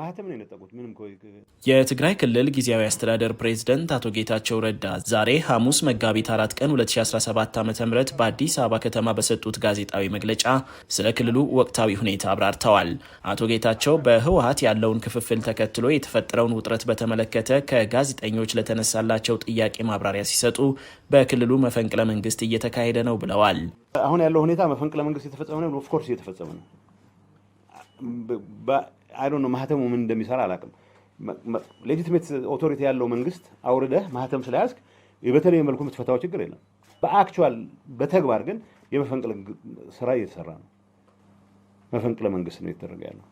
ማህተም ነው የነጠቁት። ምንም የትግራይ ክልል ጊዜያዊ አስተዳደር ፕሬዝደንት አቶ ጌታቸው ረዳ ዛሬ ሐሙስ መጋቢት አራት ቀን 2017 ዓ ም በአዲስ አበባ ከተማ በሰጡት ጋዜጣዊ መግለጫ ስለ ክልሉ ወቅታዊ ሁኔታ አብራርተዋል። አቶ ጌታቸው በህወሀት ያለውን ክፍፍል ተከትሎ የተፈጠረውን ውጥረት በተመለከተ ከጋዜጠኞች ለተነሳላቸው ጥያቄ ማብራሪያ ሲሰጡ በክልሉ መፈንቅለ መንግስት እየተካሄደ ነው ብለዋል። አሁን ያለው ሁኔታ መፈንቅለ መንግስት የተፈጸመ ነው። ኦፍኮርስ እየተፈጸመ ነው አይ ዶንት ኖ ማህተሙ ምን እንደሚሰራ አላውቅም። ሌጂቲሜት ኦቶሪቲ ያለው መንግስት አውርደህ ማህተም ስለያዝክ በተለየ መልኩ የምትፈታው ችግር የለም። በአክቹዋል በተግባር ግን የመፈንቅለ ስራ እየተሰራ ነው። መፈንቅለ መንግስት ነው የተደረገ ያለው።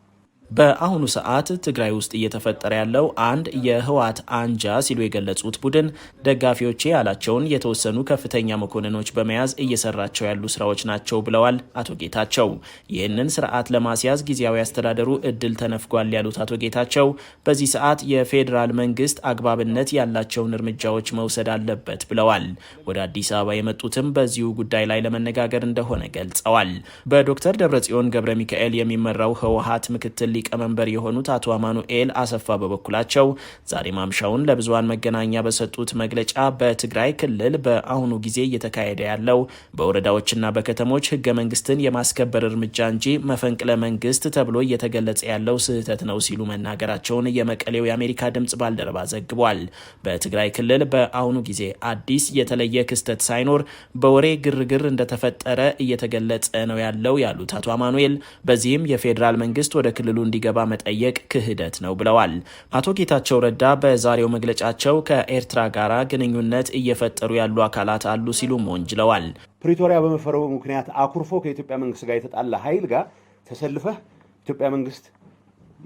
በአሁኑ ሰዓት ትግራይ ውስጥ እየተፈጠረ ያለው አንድ የህወሓት አንጃ ሲሉ የገለጹት ቡድን ደጋፊዎቼ ያላቸውን የተወሰኑ ከፍተኛ መኮንኖች በመያዝ እየሰራቸው ያሉ ስራዎች ናቸው ብለዋል አቶ ጌታቸው። ይህንን ስርዓት ለማስያዝ ጊዜያዊ አስተዳደሩ እድል ተነፍጓል ያሉት አቶ ጌታቸው በዚህ ሰዓት የፌዴራል መንግስት አግባብነት ያላቸውን እርምጃዎች መውሰድ አለበት ብለዋል። ወደ አዲስ አበባ የመጡትም በዚሁ ጉዳይ ላይ ለመነጋገር እንደሆነ ገልጸዋል። በዶክተር ደብረጽዮን ገብረ ሚካኤል የሚመራው ህወሓት ምክትል ሊቀመንበር የሆኑት አቶ አማኑኤል አሰፋ በበኩላቸው ዛሬ ማምሻውን ለብዙሃን መገናኛ በሰጡት መግለጫ በትግራይ ክልል በአሁኑ ጊዜ እየተካሄደ ያለው በወረዳዎችና በከተሞች ህገ መንግስትን የማስከበር እርምጃ እንጂ መፈንቅለ መንግስት ተብሎ እየተገለጸ ያለው ስህተት ነው ሲሉ መናገራቸውን የመቀሌው የአሜሪካ ድምጽ ባልደረባ ዘግቧል። በትግራይ ክልል በአሁኑ ጊዜ አዲስ የተለየ ክስተት ሳይኖር በወሬ ግርግር እንደተፈጠረ እየተገለጸ ነው ያለው ያሉት አቶ አማኑኤል በዚህም የፌዴራል መንግስት ወደ ክልሉ እንዲገባ መጠየቅ ክህደት ነው ብለዋል። አቶ ጌታቸው ረዳ በዛሬው መግለጫቸው ከኤርትራ ጋር ግንኙነት እየፈጠሩ ያሉ አካላት አሉ ሲሉም ወንጅለዋል። ፕሪቶሪያ በመፈረሙ ምክንያት አኩርፎ ከኢትዮጵያ መንግስት ጋር የተጣላ ኃይል ጋር ተሰልፈህ ኢትዮጵያ መንግስት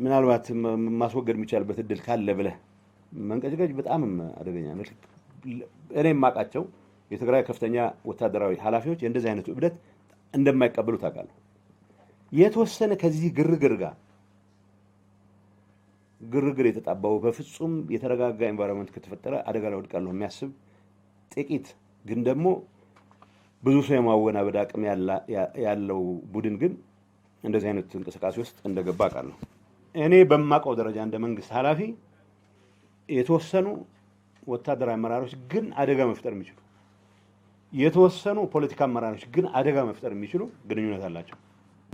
ምናልባት ማስወገድ የሚቻልበት እድል ካለ ብለህ መንቀጭቀጭ በጣም አደገኛ ነው። እኔ የማውቃቸው የትግራይ ከፍተኛ ወታደራዊ ኃላፊዎች የእንደዚህ አይነቱ እብደት እንደማይቀበሉ ታውቃለህ። የተወሰነ ከዚህ ግርግር ጋር ግርግር የተጣባው በፍጹም የተረጋጋ ኤንቫይሮንመንት ከተፈጠረ አደጋ ላይ ወድቃለሁ የሚያስብ ጥቂት ግን ደግሞ ብዙ ሰው የማወናበድ አቅም ያለው ቡድን ግን እንደዚህ አይነት እንቅስቃሴ ውስጥ እንደገባ አውቃለሁ። እኔ በማውቀው ደረጃ እንደ መንግስት ኃላፊ የተወሰኑ ወታደራዊ አመራሮች ግን አደጋ መፍጠር የሚችሉ የተወሰኑ ፖለቲካ አመራሮች ግን አደጋ መፍጠር የሚችሉ ግንኙነት አላቸው።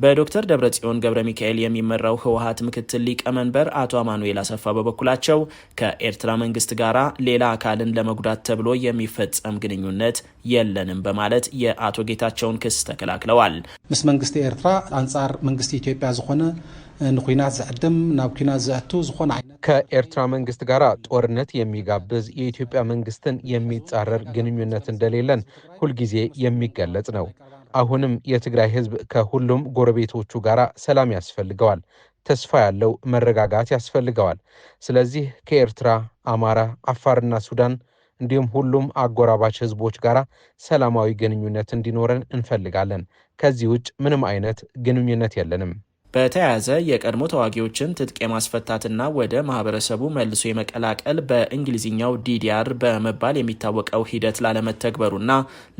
በዶክተር ደብረጽዮን ገብረ ሚካኤል የሚመራው ህወሀት ምክትል ሊቀመንበር አቶ አማኑኤል አሰፋ በበኩላቸው ከኤርትራ መንግስት ጋር ሌላ አካልን ለመጉዳት ተብሎ የሚፈጸም ግንኙነት የለንም በማለት የአቶ ጌታቸውን ክስ ተከላክለዋል። ምስ መንግስቲ ኤርትራ አንጻር መንግስቲ ኢትዮጵያ ዝኾነ ንኩናት ዘዕድም ናብ ኩናት ዘእቱ ዝኾነ ከኤርትራ መንግስት ጋር ጦርነት የሚጋብዝ የኢትዮጵያ መንግስትን የሚጻረር ግንኙነት እንደሌለን ሁልጊዜ የሚገለጽ ነው። አሁንም የትግራይ ህዝብ ከሁሉም ጎረቤቶቹ ጋር ሰላም ያስፈልገዋል፣ ተስፋ ያለው መረጋጋት ያስፈልገዋል። ስለዚህ ከኤርትራ፣ አማራ፣ አፋርና ሱዳን እንዲሁም ሁሉም አጎራባች ህዝቦች ጋር ሰላማዊ ግንኙነት እንዲኖረን እንፈልጋለን። ከዚህ ውጭ ምንም አይነት ግንኙነት የለንም። በተያያዘ የቀድሞ ተዋጊዎችን ትጥቅ የማስፈታትና ወደ ማህበረሰቡ መልሶ የመቀላቀል በእንግሊዝኛው ዲዲአር በመባል የሚታወቀው ሂደት ላለመተግበሩና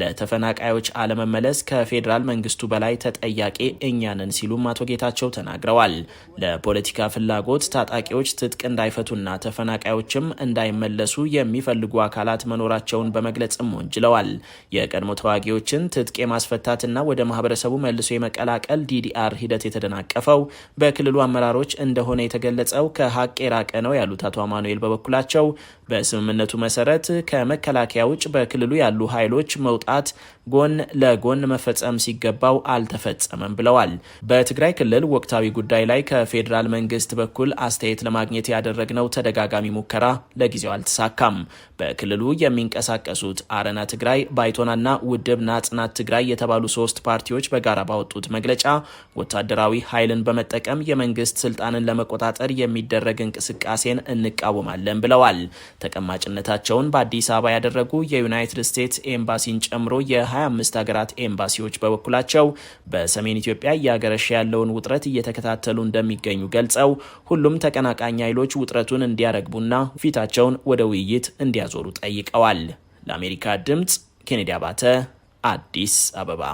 ለተፈናቃዮች አለመመለስ ከፌዴራል መንግስቱ በላይ ተጠያቂ እኛንን ሲሉም አቶ ጌታቸው ተናግረዋል። ለፖለቲካ ፍላጎት ታጣቂዎች ትጥቅ እንዳይፈቱና ተፈናቃዮችም እንዳይመለሱ የሚፈልጉ አካላት መኖራቸውን በመግለጽም ወንጅለዋል። የቀድሞ ተዋጊዎችን ትጥቅ የማስፈታትና ወደ ማህበረሰቡ መልሶ የመቀላቀል ዲዲአር ሂደት የተደናቀፈ የተላለፈው በክልሉ አመራሮች እንደሆነ የተገለጸው ከሀቅ የራቀ ነው ያሉት አቶ አማኑኤል በበኩላቸው በስምምነቱ መሰረት ከመከላከያ ውጭ በክልሉ ያሉ ኃይሎች መውጣት ጎን ለጎን መፈጸም ሲገባው አልተፈጸመም ብለዋል። በትግራይ ክልል ወቅታዊ ጉዳይ ላይ ከፌዴራል መንግስት በኩል አስተያየት ለማግኘት ያደረግነው ተደጋጋሚ ሙከራ ለጊዜው አልተሳካም። በክልሉ የሚንቀሳቀሱት አረና ትግራይ፣ ባይቶናና ውድብ ናጽናት ትግራይ የተባሉ ሶስት ፓርቲዎች በጋራ ባወጡት መግለጫ ወታደራዊ ኃይል ኃይልን በመጠቀም የመንግስት ስልጣንን ለመቆጣጠር የሚደረግ እንቅስቃሴን እንቃወማለን ብለዋል። ተቀማጭነታቸውን በአዲስ አበባ ያደረጉ የዩናይትድ ስቴትስ ኤምባሲን ጨምሮ የ25 ሀገራት ኤምባሲዎች በበኩላቸው በሰሜን ኢትዮጵያ እያገረሸ ያለውን ውጥረት እየተከታተሉ እንደሚገኙ ገልጸው ሁሉም ተቀናቃኝ ኃይሎች ውጥረቱን እንዲያረግቡና ፊታቸውን ወደ ውይይት እንዲያዞሩ ጠይቀዋል። ለአሜሪካ ድምፅ ኬኔዲ አባተ አዲስ አበባ